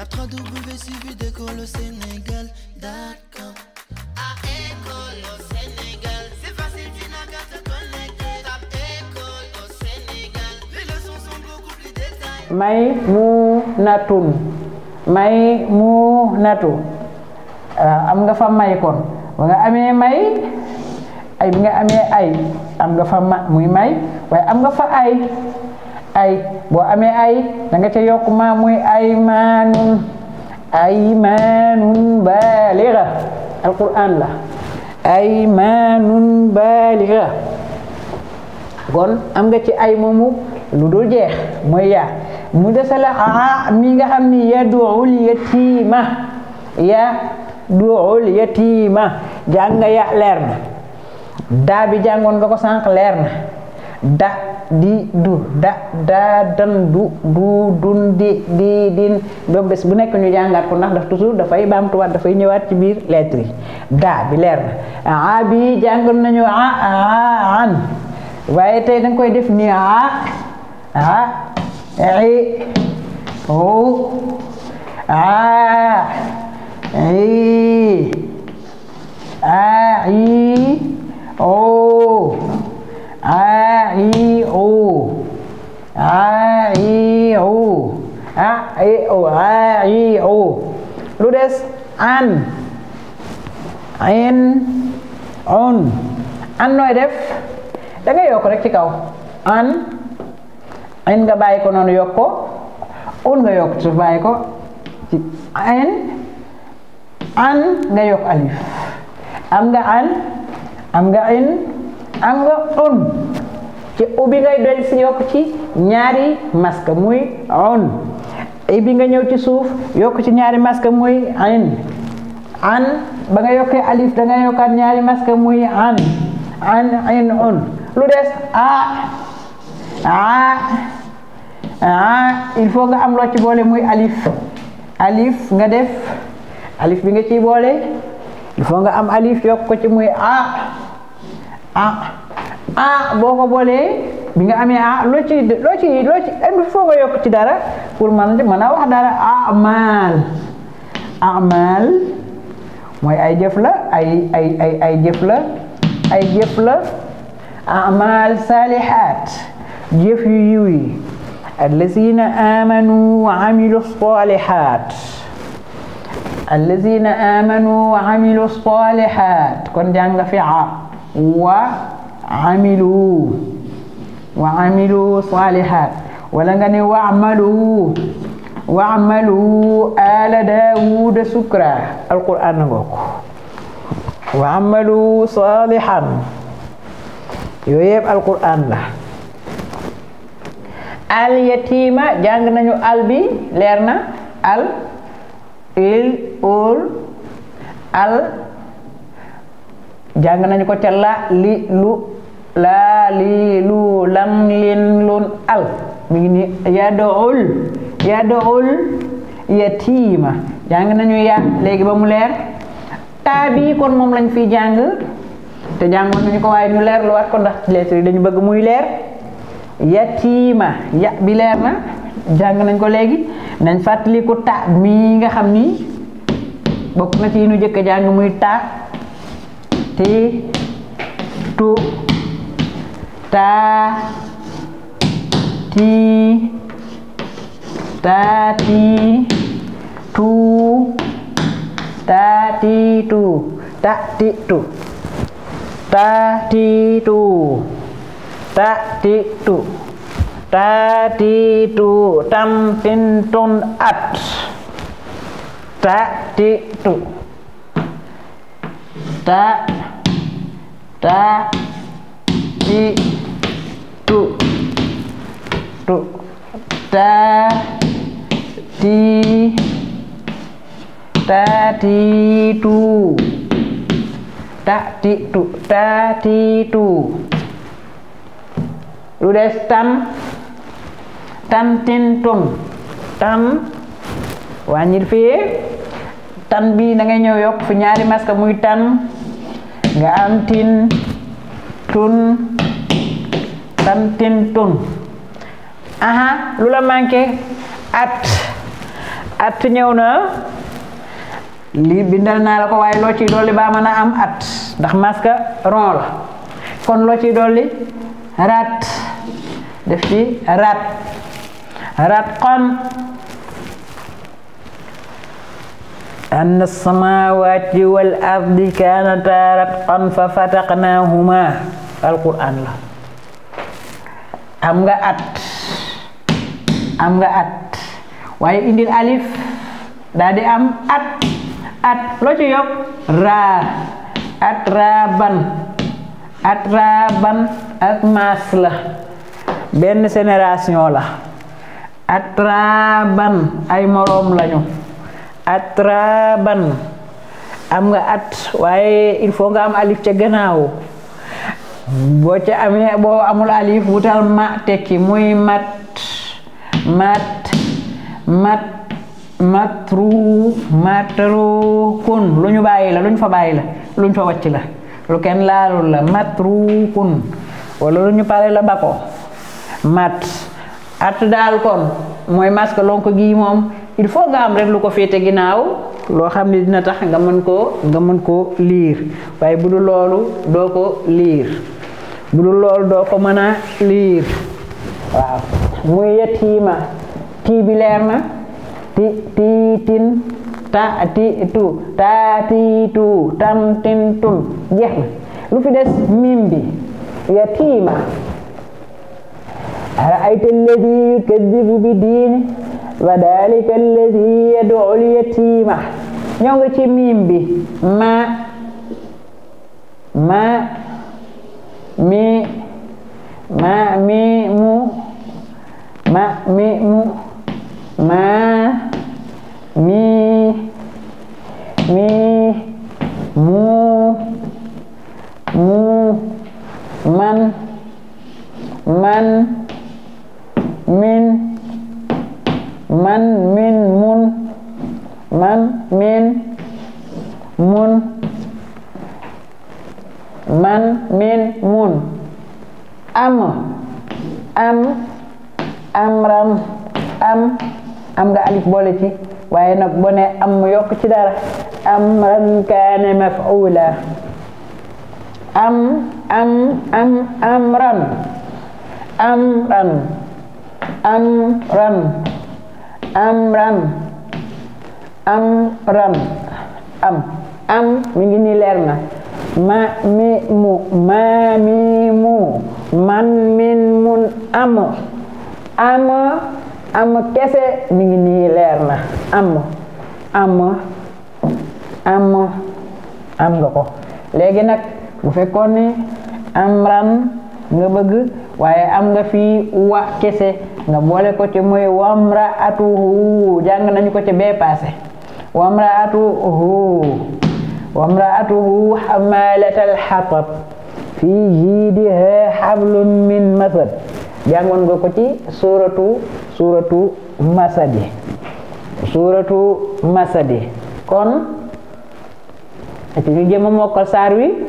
Tape www.suividécole au Sénégal.com À école am nga fa may kon ba nga amee may ay bi nga amee ay am nga fa ma muy may waaye am nga fa ay ay boo amee ay da nga ca yokk maa muy aymaanun aymaanun baaliga alquran la aymaanun baaliga kon am nga ci ay moomu lu dul jeex mooy yaa mu desala aa mi nga xam ni yadul yatiima yadul yatiima jàng nga ya leer na daa bi jàngoon nga ko sànq leer na da di du da da dan du du dun di di din ba bés bu nekk ñu jàngaat ko ndax daf toujours dafay baamtuwaat dafay ñëwaat ci biir lettre da bi leer a bi jàngoon nañu a a an waaye tay danga koy def ni a a i o a i a i o a i u a i u a i u a i u lu des an in on an nooy def danga yokk rek ci kaw an in nga bàyyi ko noonu yokko ko un nga yokk suuf bàyyi ko ci in an nga yokk alif am nga an am nga in am nga un ci u bi ngay del si yokk ci ñaari maska muy un i bi nga ñëw ci suuf yokk ci ñaari maska muy in an ba nga yokkee alif da nga yokkaat ñaari maska muy an an in un lu des a a a il faut nga am loo ci boole muy alif alif nga def alif bi nga ciy boole il faut nga am alif yokk ko ci muy a a ah boo ko boolee bi nga amee ah loo ci loo ci loo ci eh, foo ko yokk ci dara pour man mën a wax dara amal amal mooy ay jëf la ay ay ay ay jëf la ay jëf la amal saalihaat jëf yu yiw yi allazina amanu wa amilu saalihaat allazina amanu wa amilu saalihaat kon jàng fi a wa amilu wa amilu salihat walangani wa amalu wa amalu ala daud sukra alquran nga wa amalu salihan yooyu yëpp alquran la al yatima jàng nañu al bi al il ul al jàng nañu ko li lu laa lii lu lam lin lun al mi ngi ni yadoul yadoul yatiima jangan nañu ya lagi ba mu leer kon moom lañ fi jàng te jàngoon nañu ko waaye ñu leer lu wat ko ndax lettre dañu bëgg muy leer yatiima ya bi leer na jàng nañ ko léegi nañ fàttaliku ta mi nga xam ni na ci nu jëkk jàng muy ta ti tu da di tadi du tadi du tadi du tadi du tadi du tadi du tam tin tun at tadi du ta, tak di duduk tadi tadi du tadi tu tadi du lu udah tam tam tintung tam wàññil fii tan bi na ngay ñëw yokk fi ñaari maska muy tan nga am tin tun tam tin tun aha lula la at at ñëw na li bindal naa la ko waaye loo ciy dolli baa mën am at ndax masque ron la kon loo ciy dolli rat def ci rat rat kon أن السماوات والأرض كانتا رتقا ففتقناهما القرآن لا أم at am nga at waaye indil alif dadi am at at loo ci yokk raa at raban at raaban ak maas la benn la at raban, ay moroom lañu at raban am nga at waaye il faut nga am alif ca gannaaw boo ca amee boo amul alif wutal ma teki muy mat mat mat matru matrukun lu ñu bàyyi la lu ñu fa bàyyi la lu ñu fa wàcc la lu kenn laalul la matrukun wala lu ñu pare la ba ko mat at daal kon mooy masque lonk gi moom il faut nga am rek lu ko te ginnaaw loo xam ni dina tax nga mën koo nga mën koo liir waaye bu dul loolu doo ko liir bu dul loolu doo ko mën a liir waaw muy yettiima tii leer na ti tiitin ta ti tu ta ti tu tam tin tum jeex na lu fi des mim bi yatiima raayta alladi yukadibu bi diini wa dalika alladi yadul yatiima ñëw nga ci mim bi ma ma mi ma mu ma mi mu ma mi mi mu mu man man min man min mun man min mun man min mun am am Amram, am am nga alif boole ci waaye nag boo ne am yok yokk ci dara amran kaana maf'ula am am am amran amran amran amran amran am am mi ngi ni na ma mi mu ma mi mu man min mun am am am kese mi ngi nii leer na am am am am nga ko léegi nag bu fekkoon ne am ran nga bëgg waaye am nga fi wa kese nga boole ko ci mooy wamra atu jàng nañu ko ci bee paase wamra atu hu wamra atu hu xamalatal xatab fii jiidiha xablun min masad jàngoon nga ko ci suuratu suuratu masadi suuratu masadi kon ci ñu jëm a mokkal saar wi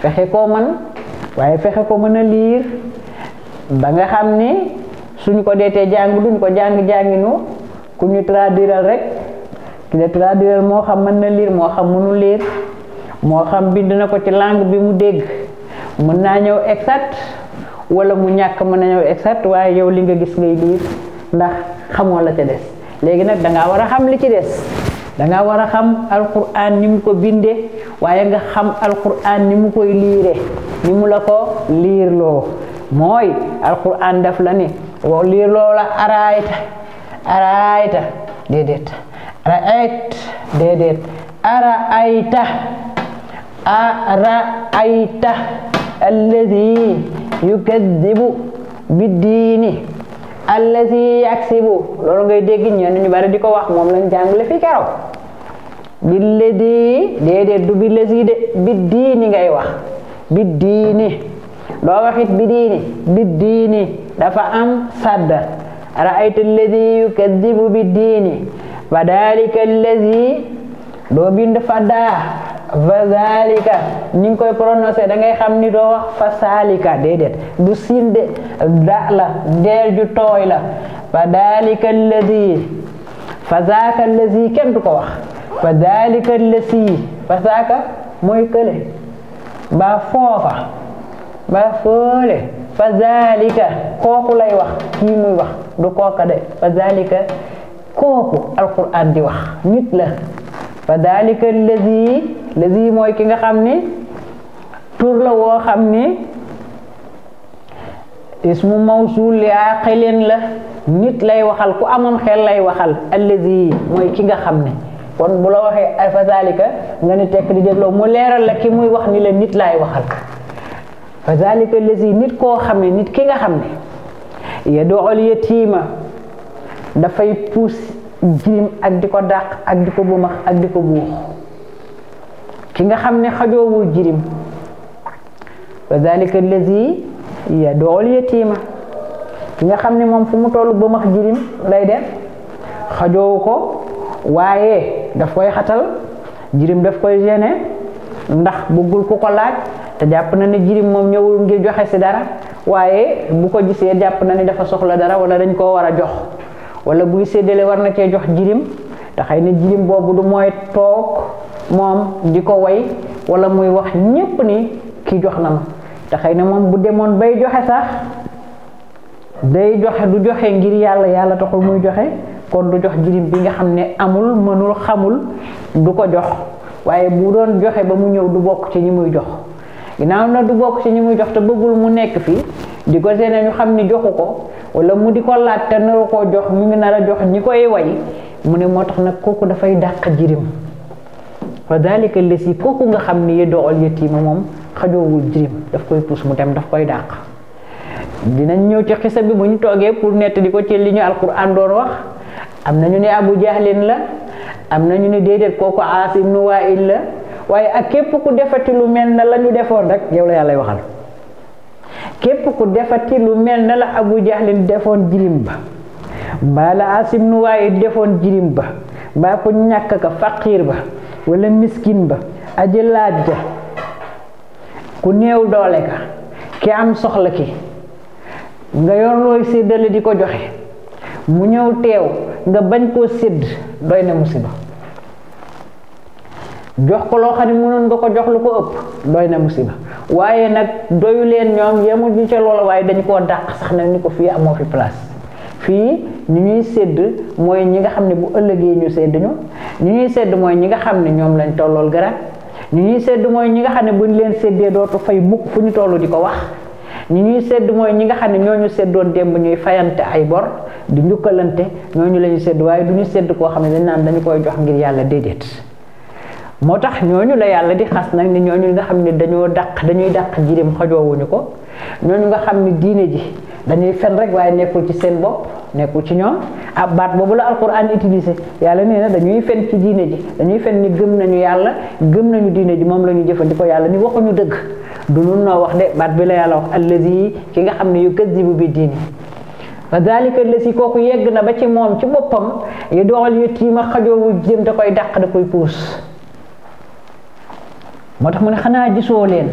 fexe koo man waaye fexe ko mën a liir ba nga xam ni suñ ko deetee jàng duñ ko jàng jànginu ku ñu traduiral rek ki la traduiral moo xam mën na liir moo xam mënu liir moo xam bind na ko ci langue bi mu dégg mën naa ñëw exact wala mu ñàkk mën a ñëw exact waaye yow li nga gis ngay liir ndax xamoo la ca des léegi nag dangaa war a xam li ci des danga war a xam alquran ni mu ko bindee waaye nga xam alquran ni mu koy liire ni mu ko liirloo mooy alquran daf la ni liirloo la araayta araayta déedéet araayt déedéet araayta الذي يكذب بالدين الذي يكسب loolu ngay dégg ñenn ñu bari di ko wax moom lañ la fi keroog billadi déedéet du billadi de biddiini ngay wax biddiini doo waxit biddiini biddiini dafa am sadda raayta alladi yukadibu biddiini fa dalika alladi doo bind faddaa vazalika ni nga koy prononcé da ngay xam ni doo wax fasalika déedéet du siin de da la deel ju tooy la fa dalika allazi fa zaaka allazi kenn du ko wax fa dalika allazi fa zaaka mooy kële ba foofa ba foole fa zalika kooku lay wax kii muy wax du kooka de fa zalika kooku alquran di wax nit la fa dalika allazi lazi mooy ki nga xam ni tur la woo xam ni ismu mawsul li aqilin la nit lay waxal ku amoon xel lay waxal allazi mooy ki nga xam ni kon bu la waxee ay fazalika nga ni tekk di dégloo mu leeral la ki muy wax ni la nit laay waxal fazalika allazi nit koo xam ne nit ki nga xam ne yadool yatiima dafay puus jirim ak di ko dàq ak di ko bumax ak di ko buux ki nga xam ne xajoowul jirim wa zalika allazi yadool yatiima ki nga xam ne moom fu mu toll ba max jirim lay def xajoowu ko waaye daf koy xatal jirim daf koy gêné ndax bëggul ku ko laaj te jàpp na ne jirim moom ñëwul ngir joxe si dara waaye bu ko gisee jàpp na ne dafa soxla dara wala dañ koo war a jox wala buy séddale war na cee jox jirim te xëy na jirim boobu du mooy toog moom di ko way wala muy wax ñépp ni ki jox na ma xëy na moom bu demoon bay joxe sax day joxe du joxe ngir yàlla yàlla taxul muy joxe kon du jox jirim bi nga xam ne amul mënul xamul du ko jox waaye bu doon joxe ba mu ñëw du bokk ci ñi muy jox ginnaaw na bokk ci ñi muy jox te bëggul mu nekk fii di ko seenee xam ni joxu ko wala mu di ko laaj te naru koo jox mu ngi ñi koy way mu moo tax nag kooku dafay dàq jirim fa dalika lesi kooku nga xam ne yedoo ol yetiima moom xajoowul jirim daf koy pus mu dem daf koy dàq dinañ ñëw ci xisa bi buñ toogee pour nett di ko ci li ñu alquran doon wax ñu ne abu jahlin la am na ñu ne déedéet kooku aas ibnu wail la waaye ak képp ku defati lu mel na la ñu defoon rek yow la waxal ku defati lu mel na la abu jahlin defoon jirim ba asim la aas ibnu wail defoon jirim ba ku ka faqir ba wala miskin ba aji laaj ja ku néew doole ka ki am soxla ki nga yor looy di ko joxe mu ñëw teew nga bañ koo sédd doy na musiba jox ko loo xam ne mënoon nga ko jox lu ko ëpp doy na musiba waaye nag doyu leen ñoom yemuñu ca loola waaye koo dàq sax nag ni ko fii amoo fi place fii ñu ñuy sédd mooy ñi nga xam ne bu ëllëgee ñu sédd ñu ñu ñuy sédd mooy ñi nga xam ne ñoom lañ tollool garaat ñu ñuy sédd mooy ñi nga xam ne bu ñu leen séddee dootu fay mukk fu ñu toll di ko wax ñi ñuy sédd mooy ñi nga xam ne ñooñu séddoon démb ñuy fayante ay bor di njukkalante ñooñu la ñu sédd waaye du ñu sédd koo xam ne dañ naan dañu koy jox ngir yàlla déedéet moo tax ñooñu la yàlla di xas nag ni ñooñu nga xam ne dañoo dàq dañuy dàq jirim xajoowuñu ko ñooñu nga xam ne diine ji dañuy fen rek waaye nekkul ci seen bopp nekkul ci ñoom ab baat boobu la alquran utilisé yàlla nee na dañuy fen ci diine ji dañuy fen ni gëm nañu yàlla gëm nañu diine ji moom la ñu jëfandikoo yàlla ni waxuñu dëgg du nun noo wax de baat bi la yàlla wax allazi ki nga xam ne yu kazibu bi diini fa dalika lesi kooku yegg na ba ci moom ci boppam yu doxal yët yi ma xajoowu jëm da koy dàq da koy puus moo tax mu ne xanaa gisoo leen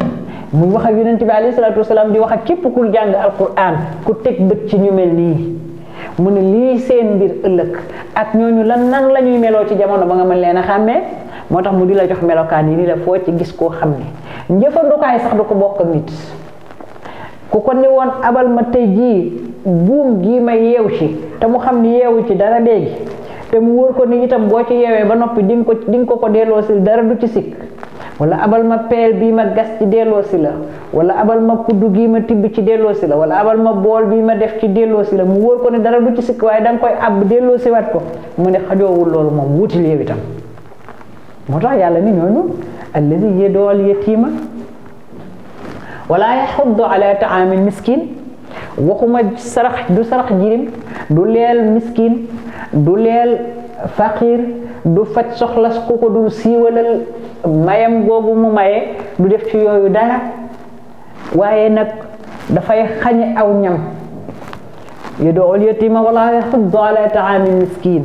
muy wax ak yonent bi alayhi salatu wassalam di wax ak képp ku jàng alquran ku teg bët ci ñu mel nii mu ne lii seen mbir ëllëg ak ñooñu lan nan la ñuy ci jamono ba nga mën leen a mu di la jox yi ni la foo ci gis koo xam ne sax du ko bokk nit ku ko ni abal ma bumgi jii buum gii ma yeew ci te mu xam ni yeewu ci dara léegi te mu wóor ko ni itam ci ba ko ko ko dara du ci wala abal ma peel bii ma gas ci delloosi la wala abal ma kuddu gii ma tibb ci delloosi la wala abal ma bool bii ma def ci delloosi la mu wóor ko ne dara du ci sikk waaye da nga koy àbb delloosiwaat ko mu ne xajoowul loolu moom wuutil yow itam moo tax yàlla ni ñooñu alladi yedool yetiima wala yaxuddu ala taamil miskin waxuma sarax du sarax jirim du leel miskin du leel faqir du faj soxlas ku ko dul siiwalal mayam googu mu maye du def ci yooyu dara waaye nag dafay xañe aw ñam yudoo yatima wala yaxuddu ala taami miskin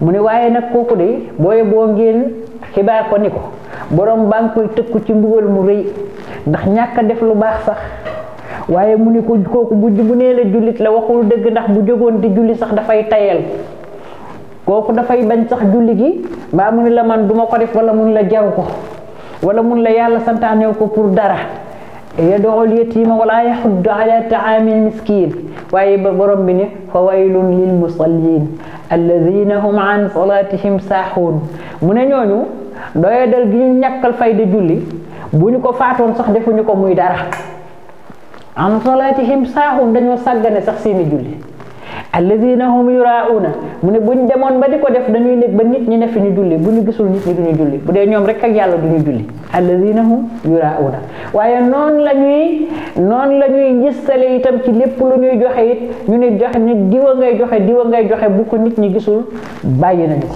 mu ne waaye nag kooku de booye boo ngeen xibaar ko ni ko borom baa ngi koy tëkku ci mbugal mu rëy ndax ñàkk def lu baax sax waaye mu ni ko kooku bu bu nee la la waxul dëgg ndax bu jógoon di julli sax dafay tayal kooku dafay bañ sax julli gi mbaa mu ne la man duma ko def wala mun la jaru ko wala mun la yàlla santaane ko pour dara yadoxul yatiima wala yaxuddu ala taamil miskiin waaye ba borom bi ne fa waylun lil musallin alladina hum an salatihim saaxuun mu ne ñooñu doyadal gi ñu ñàkkal fayda julli bu ñu ko faatoon sax defuñu ko muy dara an salatihim saaxuun dañoo sàggane sax seeni julli alladina hum yurauna mu ne bu ñu demoon ba di ko def dañuy nekk ba nit ñi ne fi ñu julli bu ñu gisul nit ñi duñu julli bu dee ñoom rek ak yàlla duñu julli alladina hum yurauna waaye noonu la ñuy noonu la ñuy ngistale itam ci lépp lu ñuy joxe it ñu ne joxe ne diwa ngay joxe diwa ngay joxe bu ko nit ñi gisul bàyyi nañu